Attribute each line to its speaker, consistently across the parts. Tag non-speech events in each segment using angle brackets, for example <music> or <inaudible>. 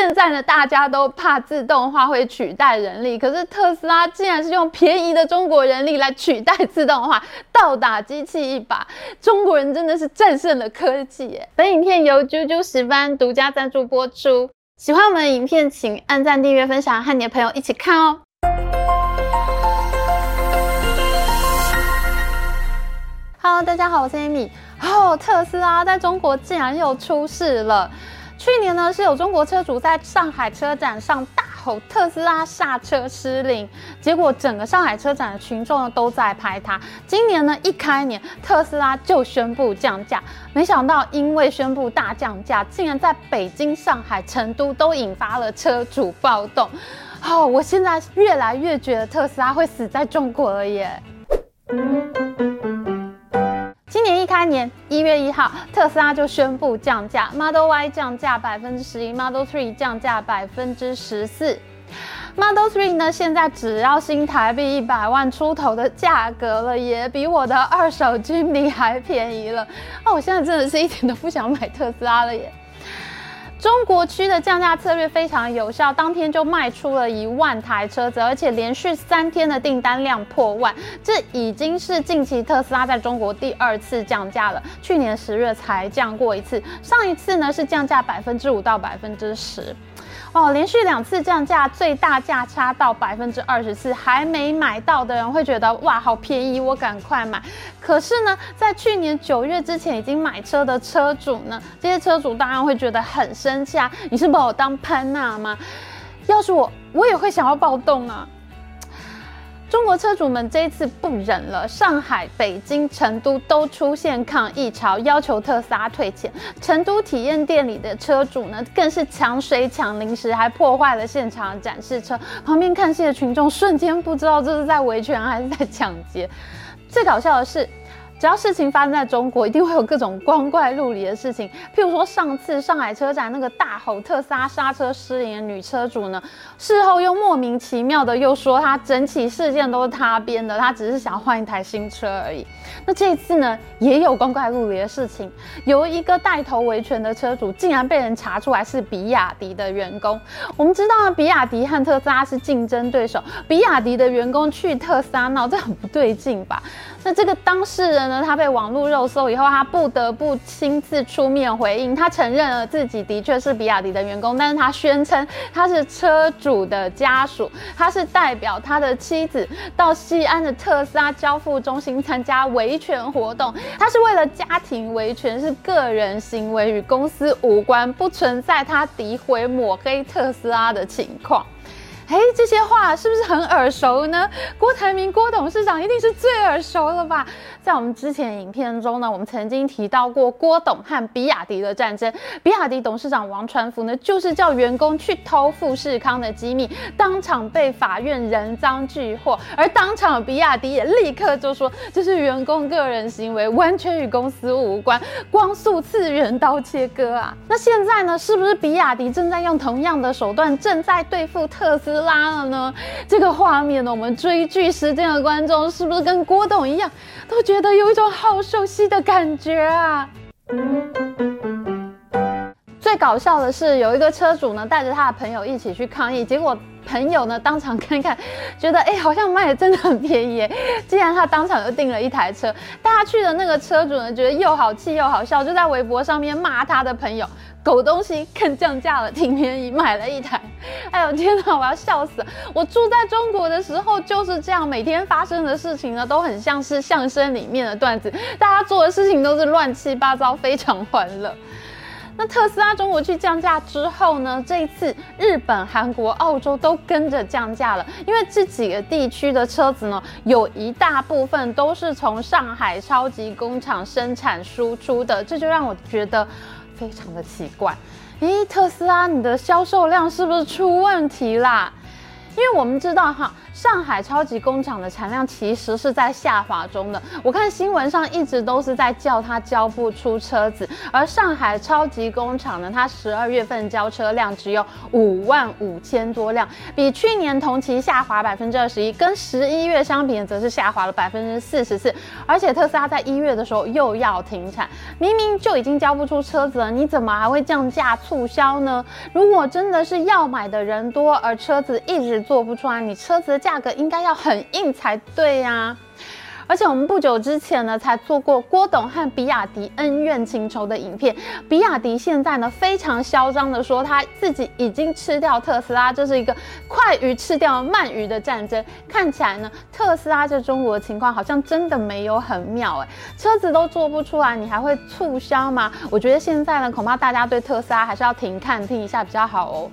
Speaker 1: 現在呢，大家都怕自動化會取代人力，可是特斯拉竟然是用便宜的中國人力來取代自動化，倒打機器一把，中國人真的是戰勝了科技耶。本影片由啾啾石斑獨家贊助播出，喜歡我們的影片請按贊、訂閱、分享，和你的朋友一起看哦。 <music> Hello，大家好，我是 Emmy。哦、oh,，特斯拉在中國竟然又出事了。去年呢，是有中國車主在上海車展上大吼特斯拉剎車失靈，結果整個上海車展的群眾都在拍他。今年呢，一開年特斯拉就宣布降價，沒想到因為宣布大降價，竟然在北京、上海、成都都引發了車主暴動。哦，我現在越來越覺得特斯拉會死在中國了耶。三年一月一號，特斯拉就宣布降價，Model Y 降價百分之十一，Model Three 降價百分之十四。Model Three 呢，現在只要新台幣一百萬出頭的價格了，也比我的二手吉姆尼還便宜了。啊、哦，我現在真的是一點都不想買特斯拉了耶。中國區的降價策略非常有效，當天就賣出了一萬台車子，而且連續三天的訂單量破萬。這已經是近期特斯拉在中國第二次降價了，去年十月才降過一次，上一次呢是降價百分之五到百分之十。哦，連續兩次降價，最大價差到百分之二十四，還沒買到的人會覺得哇，好便宜，我趕快買。可是呢，在去年九月之前已經買車的車主呢，這些車主當然會覺得很生氣啊！你是把我當潘娜嗎？要是我，我也會想要暴動啊！中國車主們這一次不忍了，上海、北京、成都都出現抗議潮，要求特斯拉退錢。成都體驗店裡的車主呢，更是搶水搶、搶零食，還破壞了現場展示車。旁邊看戲的群眾瞬間不知道這是在維權還是在搶劫。最搞笑的是。只要事情發生在中國，一定會有各種光怪陸離的事情。譬如說，上次上海車展那個大吼特斯拉剎車失靈的女車主呢，事後又莫名其妙的又說她整起事件都是她編的，她只是想換一台新車而已。那這次呢，也有光怪陸離的事情，有一個帶頭維權的車主竟然被人查出來是比亞迪的員工。我們知道呢，比亞迪和特斯拉是競爭對手，比亞迪的員工去特斯拉鬧，這很不對勁吧？那這個當事人呢，他被網絡肉搜以後，他不得不親自出面回應。他承認了自己的確是比亞迪的員工，但是他宣稱他是車主的家屬，他是代表他的妻子到西安的特斯拉交付中心參加維權活動。他是為了家庭維權，是個人行為，與公司無關，不存在他詆毀抹黑特斯拉的情況。哎，這些話是不是很耳熟呢？郭台銘郭董事長一定是最耳熟了吧？在我們之前影片中呢，我們曾經提到過郭董和比亞迪的戰爭。比亞迪董事長王傳福呢，就是叫員工去偷富士康的機密，當場被法院人贓俱獲。而當場比亞迪也立刻就說這、就是員工個人行為，完全與公司無關，光速次元刀切割啊。那現在呢，是不是比亞迪正在用同樣的手段，正在對付特斯拉？拉了呢，這個畫面呢，我們追劇時間的觀眾是不是跟郭董一樣，都覺得有一種好熟悉的感覺啊？最搞笑的是，有一個車主呢，帶着他的朋友一起去抗議，結果朋友呢當場看看，覺得哎、欸，好像賣得真的很便宜，竟然他當場就訂了一台車。大家去的那個車主呢，覺得又好氣又好笑，就在微博上面罵他的朋友。狗東西，更降價了，挺便宜，買了一台。哎呦天哪，我要笑死了！我住在中國的時候就是這樣，每天發生的事情呢，都很像是相聲裡面的段子，大家做的事情都是亂七八糟，非常歡樂。那特斯拉中國去降價之後呢，這一次日本、韓國、澳洲都跟着降價了，因為這幾個地區的車子呢，有一大部分都是從上海超級工廠生產輸出的，這就讓我覺得。非常的奇怪，咦，特斯拉，你的銷售量是不是出問題啦？因為我們知道哈。上海超級工廠的產量其實是在下滑中的。我看新聞上一直都是在叫它交不出車子，而上海超級工廠呢，它十二月份交車量只有五萬五千多輛，比去年同期下滑百分之二十一，跟十一月相比則是下滑了百分之四十四。而且特斯拉在一月的時候又要停產，明明就已經交不出車子了，你怎麼還會降價促銷呢？如果真的是要買的人多，而車子一直做不出來，你車子的價。價格應該要很硬才對呀，而且我們不久之前呢，才做過郭董和比亞迪恩怨情仇的影片。比亞迪現在呢，非常囂張的說他自己已經吃掉特斯拉，這是一個快魚吃掉慢魚的戰爭。看起來呢，特斯拉在中國的情況好像真的沒有很妙哎，車子都做不出來，你還會促銷嗎？我覺得現在呢，恐怕大家對特斯拉還是要停看聽一下比較好哦。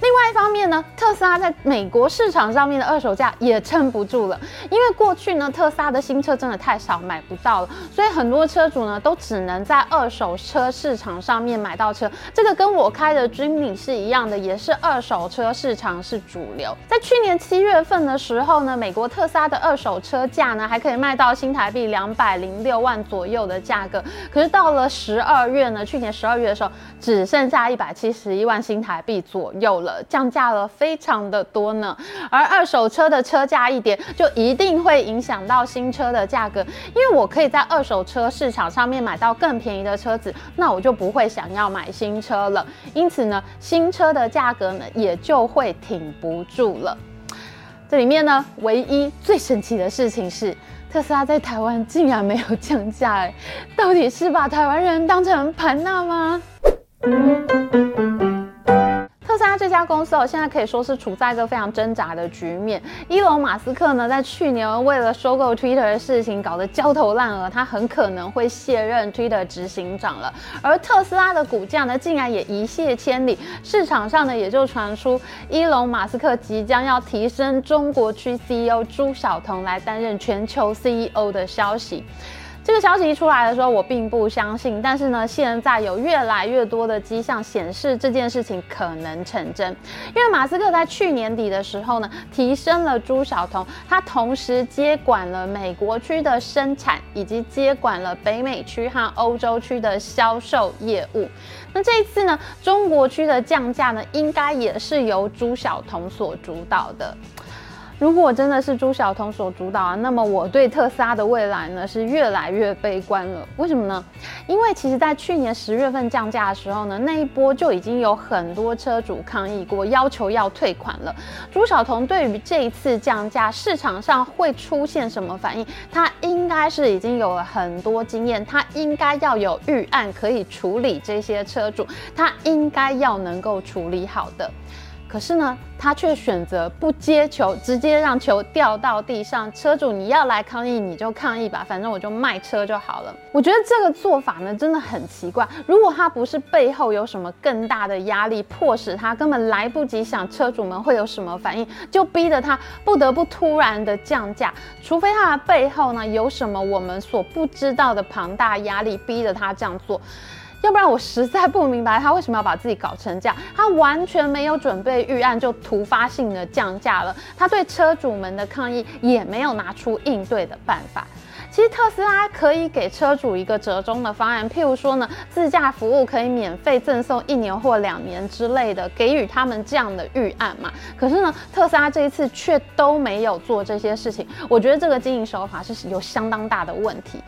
Speaker 1: 另外一方面呢，特斯拉在美國市場上面的二手價也撐不住了，因為過去呢，特斯拉的新車真的太少，買不到了，所以很多車主呢都只能在二手車市場上面買到車。這個跟我開的君領是一樣的，也是二手車市場是主流。在去年七月份的時候呢，美國特斯拉的二手車價呢還可以賣到新台幣兩百零六萬左右的價格，可是到了十二月呢，去年十二月的時候，只剩下一百七十一萬新台幣左右了。降價了非常的多呢，而二手車的車價一點，就一定會影響到新車的價格，因為我可以在二手車市場上面買到更便宜的車子，那我就不會想要買新車了，因此呢，新車的價格呢也就會挺不住了。這裡面呢，唯一最神奇的事情是，特斯拉在台灣竟然沒有降價，欸，到底是把台灣人當成盤娜嗎？那這家公司哦，現在可以說是處在一個非常掙扎的局面。伊隆·馬斯克呢，在去年為了收購 Twitter 的事情搞得焦頭爛額，他很可能會卸任 Twitter 執行長了。而特斯拉的股價呢，竟然也一瀉千里。市場上呢，也就傳出伊隆·馬斯克即將要提升中國區 CEO 朱曉彤來擔任全球 CEO 的消息。這個消息一出來的時候，我並不相信。但是呢，現在有越來越多的跡象顯示這件事情可能成真，因為馬斯克在去年底的時候呢，提升了朱曉彤，他同時接管了美國區的生產，以及接管了北美區和歐洲區的銷售業務。那這一次呢，中國區的降價呢，應該也是由朱曉彤所主導的。如果真的是朱曉彤所主導，啊，那麼我對特斯拉的未來呢是越來越悲觀了。為什麼呢？因為其實在去年十月份降價的時候呢，那一波就已經有很多車主抗議過，要求要退款了。朱曉彤對於這一次降價，市場上會出現什麼反應，他應該是已經有了很多經驗，他應該要有預案可以處理這些車主，他應該要能夠處理好的。可是呢，他卻選擇不接球，直接讓球掉到地上。車主，你要來抗議，你就抗議吧，反正我就賣車就好了。我覺得這個做法呢，真的很奇怪。如果他不是背後有什麼更大的壓力，迫使他根本來不及想車主們會有什麼反應，就逼着他不得不突然的降價。除非他的背後呢，有什麼我們所不知道的龐大壓力，逼着他這樣做。要不然，我實在不明白他為什麼要把自己搞成這樣，他完全沒有準備預案，就突發性的降價了，他對車主們的抗議也沒有拿出應對的辦法。其實特斯拉可以給車主一個折中的方案，譬如說呢，自駕服務可以免費贈送一年或兩年之類的，給予他們這樣的預案嘛。可是呢，特斯拉這一次卻都沒有做這些事情，我覺得這個經營手法是有相當大的問題。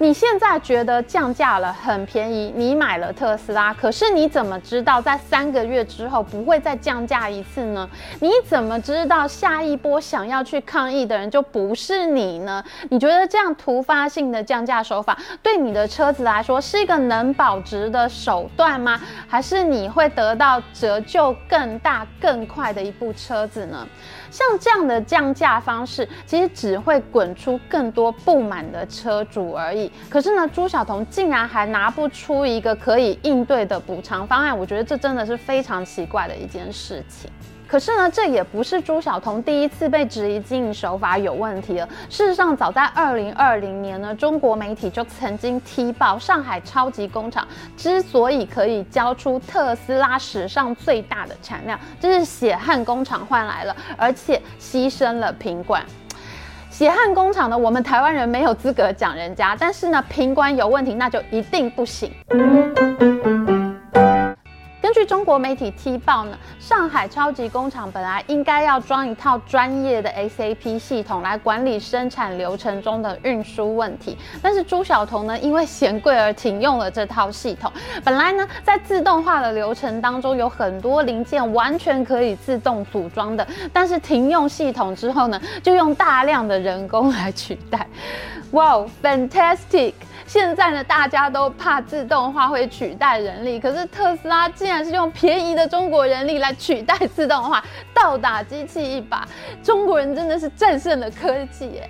Speaker 1: 你現在覺得降價了很便宜，你買了特斯拉，可是你怎麼知道在三個月之後不會再降價一次呢？你怎麼知道下一波想要去抗議的人就不是你呢？你覺得這樣突發性的降價手法對你的車子來說是一個能保值的手段嗎？還是你會得到折舊更大更快的一部車子呢？像這樣的降價方式，其實只會滾出更多不滿的車主而已。可是呢，朱曉彤竟然還拿不出一個可以應對的補償方案，我覺得這真的是非常奇怪的一件事情。可是呢，這也不是朱曉彤第一次被質疑經營手法有問題了。事實上，早在二零二零年呢，中國媒體就曾經踢爆上海超級工廠之所以可以交出特斯拉史上最大的產量，這是血汗工廠換來了，而且犧牲了品管。血汗工廠呢，我們台灣人沒有資格講人家，但是呢，品管有問題，那就一定不行。嗯嗯嗯嗯根據中國媒體踢爆呢，上海超級工廠本來應該要裝一套專業的 SAP 系統來管理生產流程中的運輸問題，但是朱曉彤呢，因為嫌貴而停用了這套系統。本來呢，在自動化的流程當中，有很多零件完全可以自動組裝的，但是停用系統之後呢，就用大量的人工來取代。哇，wow，fantastic！現在呢，大家都怕自動化會取代人力，可是特斯拉竟然是用便宜的中國人力來取代自動化，倒打機器一把，中國人真的是戰勝了科技耶。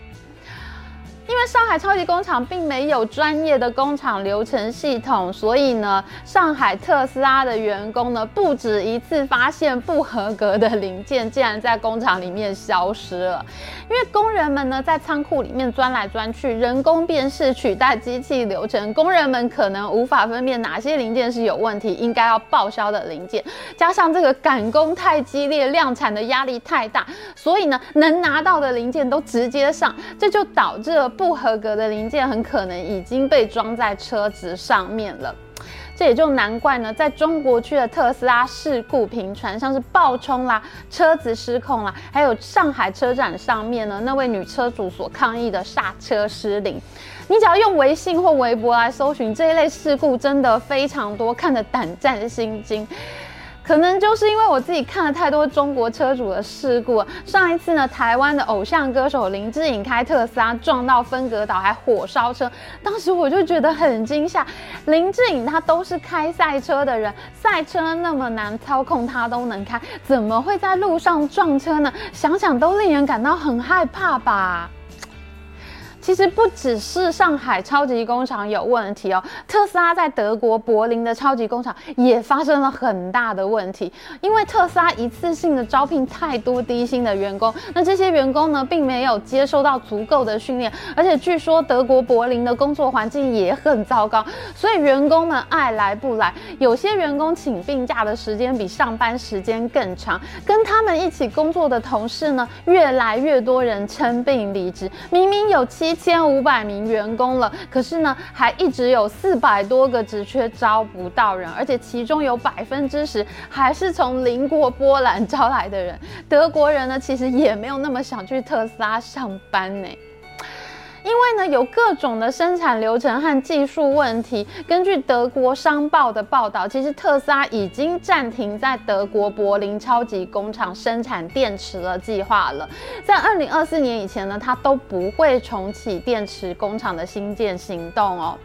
Speaker 1: 因為上海超級工廠並沒有專業的工廠流程系統，所以呢，上海特斯拉的員工呢不止一次發現不合格的零件竟然在工廠裡面消失了。因為工人們呢在倉庫裡面鑽來鑽去，人工辨識取代機器流程，工人們可能無法分辨哪些零件是有問題，應該要報銷的零件。加上這個趕工太激烈，量產的壓力太大，所以呢，能拿到的零件都直接上，這就導致了。不合格的零件很可能已經被裝在車子上面了。這也就難怪呢，在中國區的特斯拉事故頻傳，像是暴衝啦、車子失控啦，還有上海車展上面呢，那位女車主所抗議的剎車失靈。你只要用微信或微博來搜尋這一類事故，真的非常多，看得膽戰心驚。可能就是因為我自己看了太多中國車主的事故。上一次呢，台灣的偶像歌手林志穎開特斯拉撞到分隔島還火燒車，當時我就覺得很驚嚇。林志穎他都是開賽車的人，賽車那麼難操控他都能開，怎麼會在路上撞車呢？想想都令人感到很害怕吧。其實不只是上海超級工廠有問題哦，特斯拉在德國柏林的超級工廠也發生了很大的問題。因為特斯拉一次性的招聘太多低薪的員工，那這些員工呢，並沒有接受到足夠的訓練，而且據說德國柏林的工作環境也很糟糕，所以員工們愛來不來。有些員工請病假的時間比上班時間更長，跟他們一起工作的同事呢，越來越多人稱病離職。明明有七。千五百名員工了，可是呢，還一直有四百多個職缺招不到人，而且其中有百分之十還是從鄰國波蘭招來的人。德國人呢，其實也沒有那麼想去特斯拉上班呢，欸。因為呢，有各種的生產流程和技術問題。根據德國商報的報道，其實特斯拉已經暫停在德國柏林超級工廠生產電池的計劃了。在二零二四年以前呢，它都不會重啟電池工廠的新建行動哦。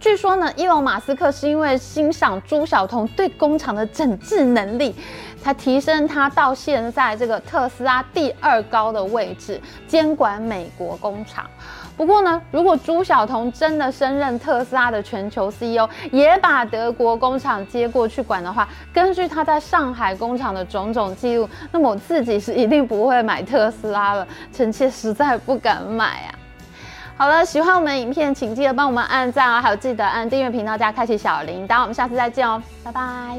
Speaker 1: 據說呢，伊隆馬斯克是因為欣賞朱曉彤對工廠的整治能力。它提升他到現在這個特斯拉第二高的位置，監管美國工廠。不過呢，如果朱曉彤真的升任特斯拉的全球 CEO，也把德國工廠接過去管的話，根據他在上海工廠的種種記錄，那麼我自己是一定不會買特斯拉了。臣妾實在不敢買啊！好了，喜歡我們影片，請記得幫我們按讚啊，還有記得按訂閱頻道加開啟小鈴鐺，我們下次再見哦，拜拜。